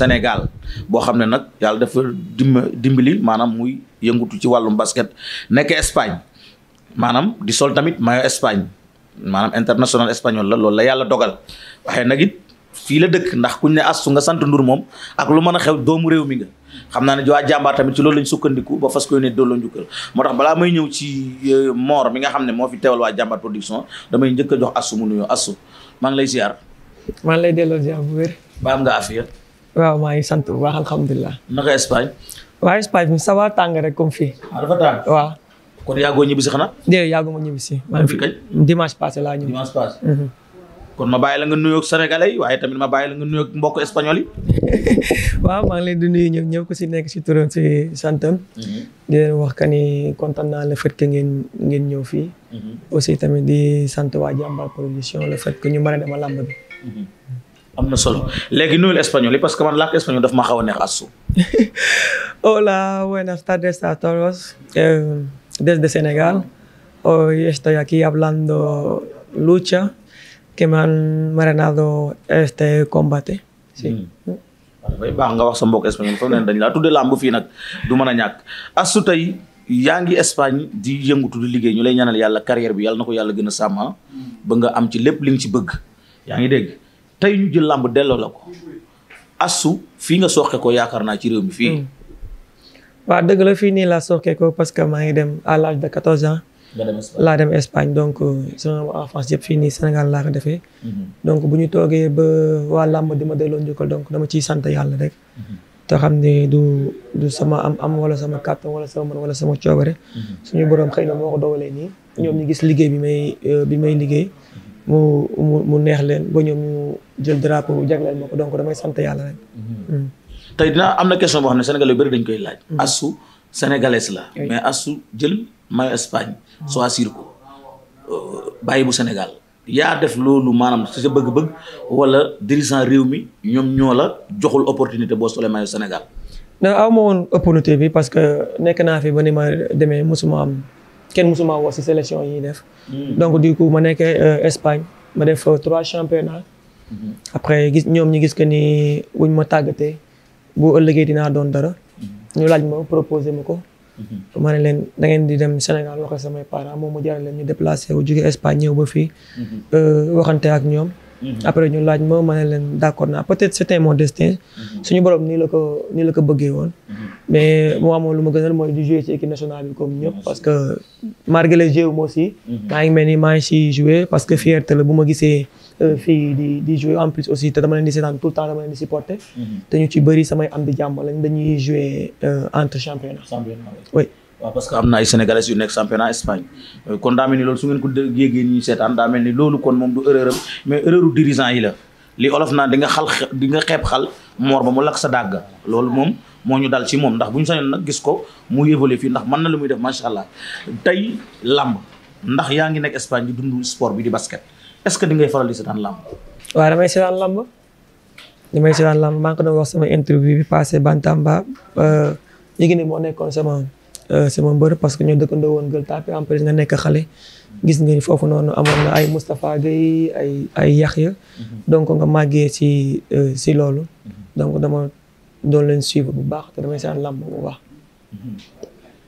Sénégal boo xam ne nag yàlla dafa dimba dimbali maanaam muy yëngutu ci wàllum basket nekk Espagne maanaam di sol tamit maillot Espagne maanaam international espagnol la loolu la yàlla dogal waxee nag it fii la dëkk ndax kuñ ne astu nga sant ndur moom ak lu man a xew doomu réew mi nga xam naa ne waa jàmbaar ci loolu lañ sukkandiku ba fas ko yónnee dooloo njukkal moo tax balaa may ñëw ci euh, moor mi nga xam ne moo fi teewal waa jàmbaar production damay njëkk a jox astu mu nuyoo astu maa ngi lay ziar. maa ngi lay delloo ziar bu wér. ba am nga affaire. waaw maa ngi sant bu baax alhamdulilah. naka Espagne. waaw Espagne ça tàng rek comme fii. ah dafa waaw. kon yàggoo ñibbi si xanaa. déedéet yàgguma ñibbi si. maa fi kañ dimanche passé laa ñëw. Mhm. kon ma bàyyi la nga nuyoog sénégalais yi waaye tamit ma bàyyi la nga nuyoog mbokk espagnol yi. waaw maa ngi leen di nuyu ñëw ko si nekk si turam si santam. Mhm. di leen wax que ni kontaan naa le fait que ngeen ngeen ñëw fii. Mhm. aussi tamit di sant waa Jambaar production le fait ñu mën a dem làmb bi. am na solo léegi nuyul espagnol yi parce que man làkk espagnol daf ma xaw a neex asu hola buenas tardes a eh, Senegal hoy estoy aquí hablando lucha que me han marinado este combate si dafay mm. baax nga wax sa mbokk espagnol foofu neen dañ laa tudde làmb fii nag du mën a ñàkk asu tey yaa ngi Espagne di yëngutu liggéey ñu lay ñaanal yàlla carrière bi yàlla na ko yàlla gën a sàmma ah. mm. ba nga am ci lépp li nga ci bëgg yaa ngi dégg tey ñu jël làmb delloo la ko assu fii nga soxe ko yaakaar naa ci réew mi fii. Hmm. waa dëgg la fii nii laa soxe ko parce que maa ngi dem à l'âge de 14 ans. laa dem Espagne donc euh, sama enfance yëpp fii nii Sénégal laa defee. Hmm. donc bu ñu toogee ba waa làmb di ma delloo njukkal donc dama ciy sant yàlla rek. Hmm. te xam ne du du sama am am wala sama kàttan wala sama mën wala sama coobare. suñu borom xëy na moo ko doolee nii. ñoom ñu gis liggéey bi may euh, bi may liggéey. mu mu mu neex leen ba ñoom ñu jël drapeau jagleel ma ko donc damay sant yàlla rek. Mm-hmm. Mm. tey dina am na question boo xam ne sénégalais yu bëri dañ koy laaj. Mm. Astou sénégalaise la. mais Astou jël maillot Espagne. Ah. choisir ko euh, bàyyi bu Sénégal. yaa def loolu maanaam si sa bëgg-bëgg wala dirigeant réew mi ñoom ñoo la joxul opportunité boo solee maillot Sénégal. non aw ma woon opportunité bi parce que nekk naa fi ba ni ma demee mosuma am. kenn musuma woo si sélection yi ñuy def. Hmm. donc du coup ma nekk euh, Espagne ma def euh, trois championnats. Hmm. après gis ñoom ñu gis que nii wuñ ma tàggatee bu ëllëgee dinaa doon dara. Hmm. ñu laaj ma proposé mu ko. ma ne leen da ngeen di dem Sénégal waxee samay parent moom mu jaral leen ñu déplacé wu jóge Espagne ñëw ba fii. Euh, waxante ak ñoom. après ñu laaj ma ma ne leen d' accord naa peut être c' était mon destin. suñu boroom nii la ko nii la ko bëggee woon. mais moo amoon lu ma gënal mooy di jouer ci équipe nationale bi comme ñëpp parce que malgré jeu ma aussi mhm. maa ngi mel ni maa ngi si jouer parce que fierté la bu ma gisee euh, fii di di en plus aussi te dama leen di seetaan tout le temps mhm. ci bëri samay am di jàmm lañ dañuy jouer euh, entre championnat oui parce que am na ay sénégalais yu nekk championnat Espagne euh, kon daa mel ni loolu su ngeen ko yéegee ñu seetaan daa mel ni loolu kon moom du erreur mais erreur u dirigeant yi la li olof naan di nga xal di nga xeeb xal moor ba mu lakk sa dàgg loolu moom moo ñu daal ci moom ndax bu ñu sañoon nag gis ko mu évolué fii ndax mën na lu muy def macha allah tey làmb ndax yaa ngi nekk Espagne di dund sport bi di basket est-ce que di ngay faral di seetaan làmb. waaw damay seetaan làmb damay seetaan làmb maa ngi ko doon wax sama interview bi passé Bantamba euh, yéegi ne moo nekkoon sama. Euh, sama mbër parce que ñoo dëkkandoo woon Gueule Tapée en plus nga nekk xale. gis nga ni foofu noonu amoon na ay Moustapha Guèye ay ay Yaxya mhm. donc nga màggee si si euh, loolu. Mhm. donc dama doon leen suivre bu baax te damay seen làmb bu baax. Mhm.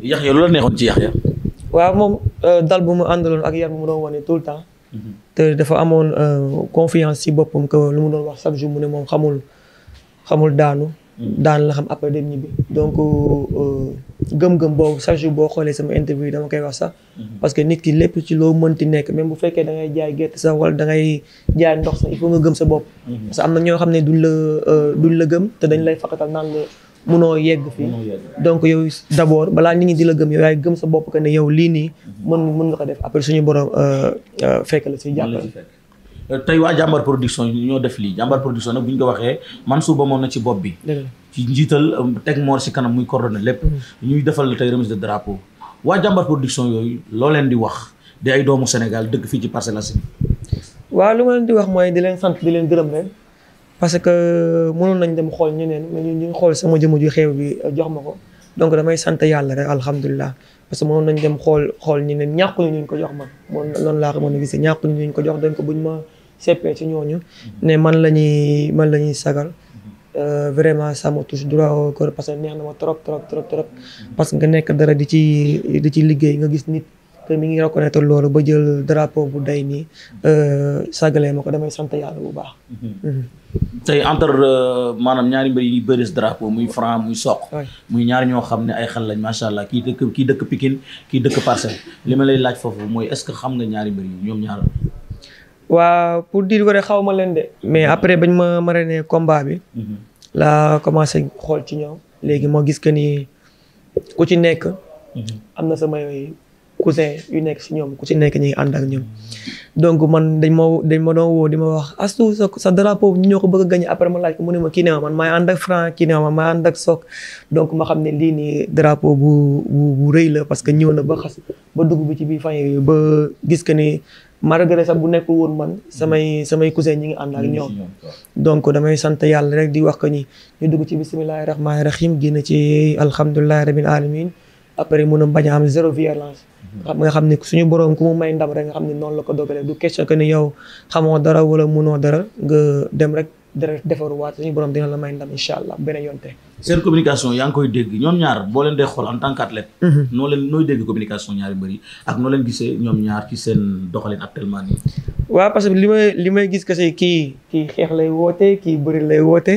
Yaxya lu la neexoon ci Yaxya. waaw moom euh, dal bu mu àndaloon ak yar bu mu doon wane tout le temps. te dafa amoon confiance si boppam que lu mu doon wax chaque jour mu ne moom xamul xamul daanu. daan la xam après dem ñibbi donc euh, euh, gëm-gëm boobu chaque jour boo xoolee sama interview dama koy wax sax mhm. parce que nit ki lépp ci loo mënti nekk même bu fekkee dangay jaay gerte sax wala da ngay jaay ndox sax il faut nga gëm sa bopp mhm. parce que am na ñoo xam ne duñ la euh, duñ la gëm te dañ lay fakatal naan la munoo yegg fii donc yow d'abord balaa nit ñi di la gëm yow yaay gëm sa bopp que ne yow lii nii mhm. mën mën nga ko def après suñu borom fekk la si jàppale Euh, tey waa jàmbar production ñoo def lii jàmbar production nag bu ñu ko waxee Mansour Ba moom na ci bopp bi ci njiital euh, teg moor si kanam muy coordonné lépp mm-hmm. ñuy defal tey remise de drapeau waa jàmbar production yooyu loo leen di wax di ay doomu Sénégal dëkk fii ci Parcelles Assainies waaw lu ma leen di wax mooy di leen sant di leen gërëm leen parce que euh, mënoon nañ dem xool ñeneen mais ñu xool sama jëmm ju xew bi jox ma ko donc damay sant yàlla rek alhamdulilah parce que mënoon nañ dem xool xool ñeneen ñàkkuñu ñu ko jox ma moom loolu laa ko mën a gisee ñàkkuñu ñu ko jox donc buñ ma CP ci ñooñu. ne man la ñuy man la ñuy sagal. Euh, vraiment ça me touche droit au cœur parce que neex na ma trop trop trop trop. parce que nga nekk dara di ci di ci liggéey nga gis nit. mi ngi reconnaître loolu ba jël drapeau bu day nii euh, sagalee ma ko damay sant yàlla bu baax. Mhm. tey entre euh, maanaam ñaari mbir yi bëris drapeau muy franc muy soq. muy ñaari ñoo xam ne ay xel lañ macha allah kii dëkk kii dëkk kii dëkk Parcelles li ma lay laaj foofu mooy est-ce que xam nga ñaari mbir yi ñoom ñaar. waa pour dire vrai xaw ma leen de. mais mhm. après bañ ma marraine combat bi. Mhm. laa commencé xool ci ñoom. léegi moo gis que nii ku ci nekk. Mhm. am na sama yooyu cousin yu nekk si ñoom ku ci nekk ñu ànd ak ñoom. donc man dañ ma dañ ma doon woo di ma wax Astou sa sa drapeau ñu ñoo ko bëgg a après ma laaj ko mu ne ma kii ne ma man maay ànd ak franc kii ne ma man ànd ak soog donc ma xam ne lii nii drapeau bu bu bu rëy la parce que ñëw na ba xas ba dugg bi ci biir fan ba gis que nii malgré sax bu nekk woon man samay samay cousin ñi ngi ànd ak ñoom donc damay sant yàlla rek di wax ko ñi ñu dugg ci bisimilahi rahmaani rahim génn ci alhamdulilahi rabil alamin après mun a bañ a am zéro mhm. xam nga xam ne suñu borom ku mu may ndam rek nga xam ne noonu la ko dogalee du question que ni yow xamoo dara wala munoo dara nga dem rek dara defaruwaat suñu borom dina la may ndam incha allah beneen yoon te. seen communication yaa ngi koy dégg ñoom ñaar boo leen dee xool en tant qu'athlète. Mhm. noo leen nooy dégg communication ñaari mbër ak noo leen gisee ñoom ñaar ci seen parce que li may li may gis kese kii kii xeex lay woote kii bëri lay woote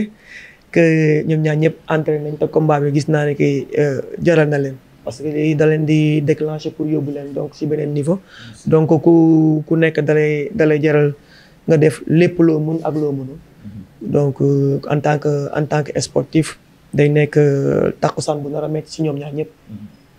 que ñoom ñëpp entraîné nañ te combat bi gis naa ne que euh, jaral na leen. parce que lii da leen di déclencher pour yóbbu leen donc si beneen niveau donc ku ku nekk dalay dalay jaral nga def lépp loo mun ak loo mënul. donc euh, en tant que en tant que sportif day nekk euh, takkusaan bu nar a métti si ñoom ñaar ñëpp.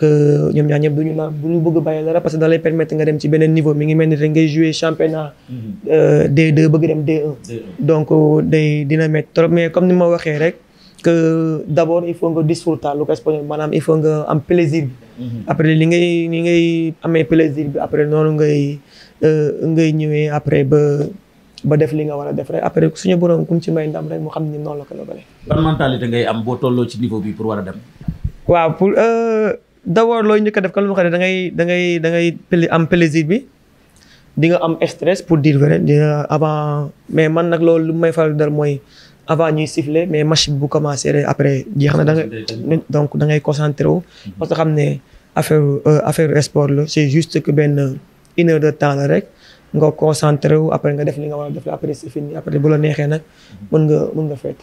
que ñoom ñaar ñëpp du ñu naan du ñu bëgg a bàyyi dara parce que da lay permettre nga dem ci beneen niveau mi ngi mel ni rek ngay jouer championnat. Mm-hmm. Euh, D2 bëgg dem D1. donc day dina métti trop mais comme ni ma waxee rek. que d' abord il faut nga disfrutar lu ko espagnol maanaam il faut nga am plaisir bi mm-hmm. après li ngay li ngay amee plaisir bi après noonu ngay ngay ñëwee après ba ba def li nga war a def rek après suñu borom kum ci may ndam rek mu xam ni noonu la ko dogalee. ban am boo tolloo ci bi pour a dem. waaw pour euh, d'abord looy njëkk a def comme lu ma waxee da ngay da ngay da ngay am plaisir bi di nga am stress pour dire rek dina avant mais man nag loolu lu may faral dal mooy avant ñuy siffler mais machine bu commencé rek après jeex na da donc da ngay concentré wu. Mhm. parce que xam ne affaire euh, affaire sport la c'est juste que benn une de temps la rek. nga concentré wu après nga def li nga war a def après c'est fini après bu la neexee nag mën nga mën nga fekk.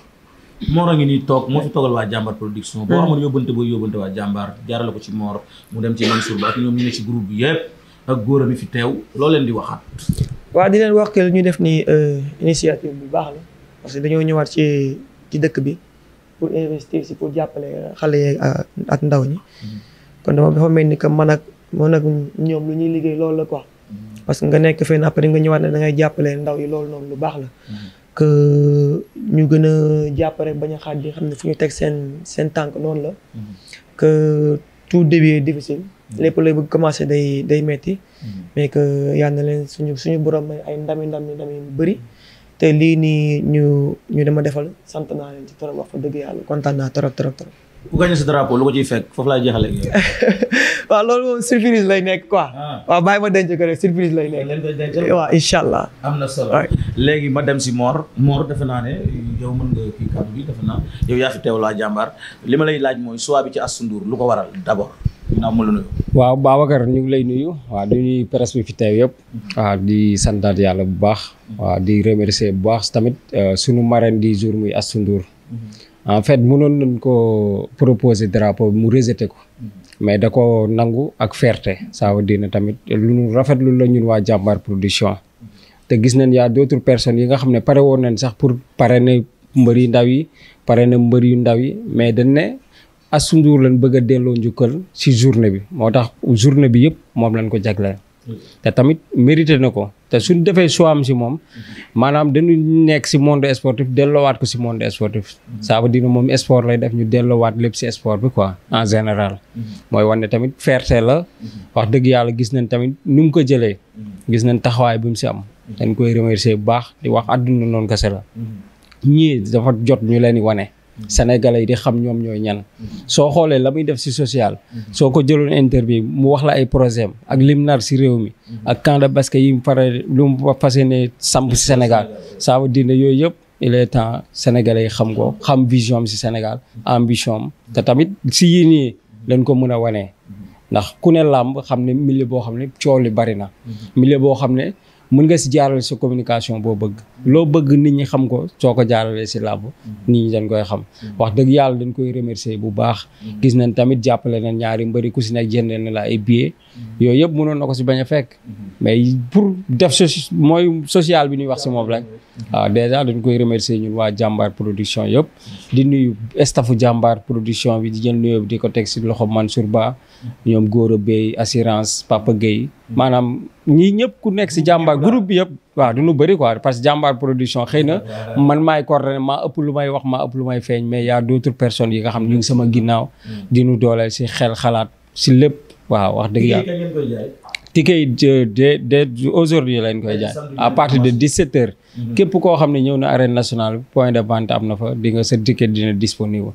Mor a ngi nii toog moo fi toogal waa jàmbaar production. boo hmm. amoon yóbbante booy yóbbante waa jàmbaar jaarale ko ci Mor mu dem ci Mansour ba ak ñoom ñu ne ci groupe bi fi teew loo leen di waxaat. waaw di leen wax que ñu def ni euh, initiative bu baax la parce que dañoo ñëwaat ci ci dëkk bi pour investir si pour jàppale xale yi ak ndaw ñi. Hmm. kon dama dafa mel ni que man ak man ak ñoom lu ñuy liggéey loolu la quoi. parce que nga nekk fenn après nga ñëwaat ne da jàppale ndaw yi loolu noonu lu baax la. que ñu gën a jàpp rek bañ a xaaj di xam ne fu ñu teg seen seen tànk noonu la. que tout début est difficile. lépp lay bëgg commencé day day metti mais que yal na leen suñu suñu borom may ay ndami ndami ndami yu bëri. te lii nii ñu ñu dama defal sant naa leen ci trop wax fa dëgg yàlla kontaan naa trop trop trop. ku gañe sa lu ko ciy fekk foofu laay jeexalee. waaw loolu moom surprise lay nekk quoi. Ah. waaw bàyyi ma denc ko rek surprise lay nekk. waaw incha allah. am na solo léegi ma dem si moor Mor defe naa ne yow mën nga yaa fi teew laa jàmbaar li ma lay laaj mooy choix bi ci Astou Ndour lu ko waral d'abord. waaw Babacar ñu ngi lay nuyu waaw du nuyu presse bi fi teew yëpp mhm. waaw di santaat yàlla bu baax mhm. waaw di remercier bu baax tamit euh, sunu marraine di jour muy Astou Ndour mhm. en fait mënoon nañ ko proposer drapeau mu rejeté ko mais da ko nangu ak fierté ça veut dire tamit lu ñu rafetlu la ñun waa jàmbaar production te gis nañ yaa d'autres personnes yi nga xam ne pare woon nañ sax pour pare ne mbër yu ndaw yi pare na mbër yu ndaw yi mais dañ ne Astou Ndour lañ bëgg a delloo njukkal ci journée bi moo tax journée bi yëpp moom lañ ko jagleel te tamit mérité na ko te suñ defee choix am si moom maanaam dañuy nekk si monde sportif dellowaat ko si monde sportif. ça veut dire moom sport lay def ñu delloowaat lépp si sport bi quoi en général. mooy wane tamit fierté la. wax dëgg yàlla gis nañ tamit nu mu ko jëlee. gis nañ taxawaay bi mu si am. dañ koy remercier bu baax di wax àdduna noonu kese la. ñii dafa jot ñu leen di wane. sénégalais yi di xam ñoom ñooy ñan soo xoolee la muy def si social soo ko jëloon interview mu wax la ay projet am ak lim nar si réew mi ak camp de basket yi mu pare lu mu fas yéene samp Sénégal ça veut dire yooyu yëpp il est temps sénégalais yi xam ko xam vision si Sénégal ambition am te tamit si yii nii lañ ko mën a wanee ndax ku ne làmb xam ne milieu boo xam ne coow li bari na boo xam ne mun nga si jaarale sa communication boo bëgg loo bëgg nit ñi xam ko soo ko jaaralee si làmb mm-hmm. nit ñi dañ koy xam mm-hmm. wax dëgg yàlla dañ koy remercier bu baax mm-hmm. gis nañ tamit jàppale na ñaari mbëri ku si nekk jënd na la ay billets yooyu yëpp mënoon na ko si bañ a fekk mais pour def mooy social bi ñuy wax si moom rek waaw ah, dèjà dañ koy remercier ñun waa jàmbaar production yëpp di nuyu stafu jàmbaar production bi di jël nuyoo bi di ko teg si loxo Mansour Ba ñoom Gora Bey assurance Papa Gueye maanaam ñii ñëpp ku nekk si jàmbaar group yëpp waaw du ñu bëri quoi parce que jàmbaar production xëy na man maay coordonné maa ëpp lu may wax maa ëpp lu may feeñ mais y a d'autres personnes yi nga xam ñu ngi sama ginnaaw mm. di nu dooleel si xel xalaat si lépp waaw wax dëgg yàlla ti yi de euh, de aujourd'hui lañ koy jaay à partir de 17 heures Mhm. képp koo xam ne ñëw na arène nationale point de vente am na fa di nga sa ticket dina disponible.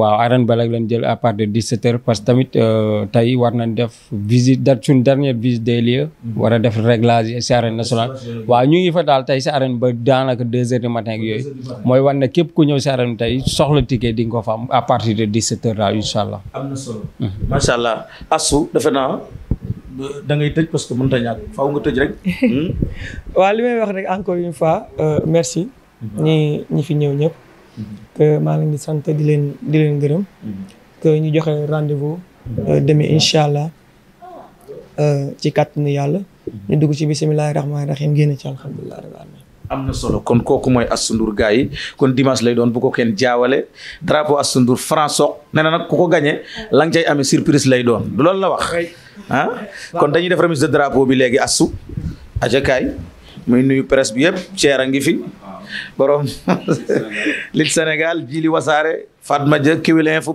waaw arène ba rek lañ jël à partir de 17 heures parce que tamit euh, tey war na def visite da suñ dernière visite des lieux. Mhm. war a def réglage yi si arène nationale. waaw ñu ngi fa daal tey si arène ba daanaka 2 heures du matin ak yooyu. mooy wan ne képp ku ñëw si arène tey soxla ticket di ko fa am à partir de 17 heures daal incha allah. Mhm. defe naa. da ngay tëj parce que mënut a ñàkk faaw nga tëj rek. Hmm? Hmm? waaw li may wax rek encore une fois euh, merci. Hmm. ñi ñi fi ñëw ñëpp. que maa ngi leen di sant di leen di leen gërëm. que ñu joxe rendez-vous. Euh, demee incha allah euh, ci kàttanu yàlla. ñu dugg ci bisimilah rahmaani rahiim génn ci alhamdulilah rabbil alamin am na solo kon kooku mooy Astou Ndour gars yi kon dimanche lay doon bu ko kenn jaawale drapeau Astou Ndour Fransox nee na nag ko gagné la nga cay amee surprise lay doon du loolu la wax ah kon dañuy def remise de drapeau bi léegi Astou ajakaay muy nuyu presse bi yëpp ceer a ngi fi borom lit Sénégal jili wasaare Fatma Dia Kewel Info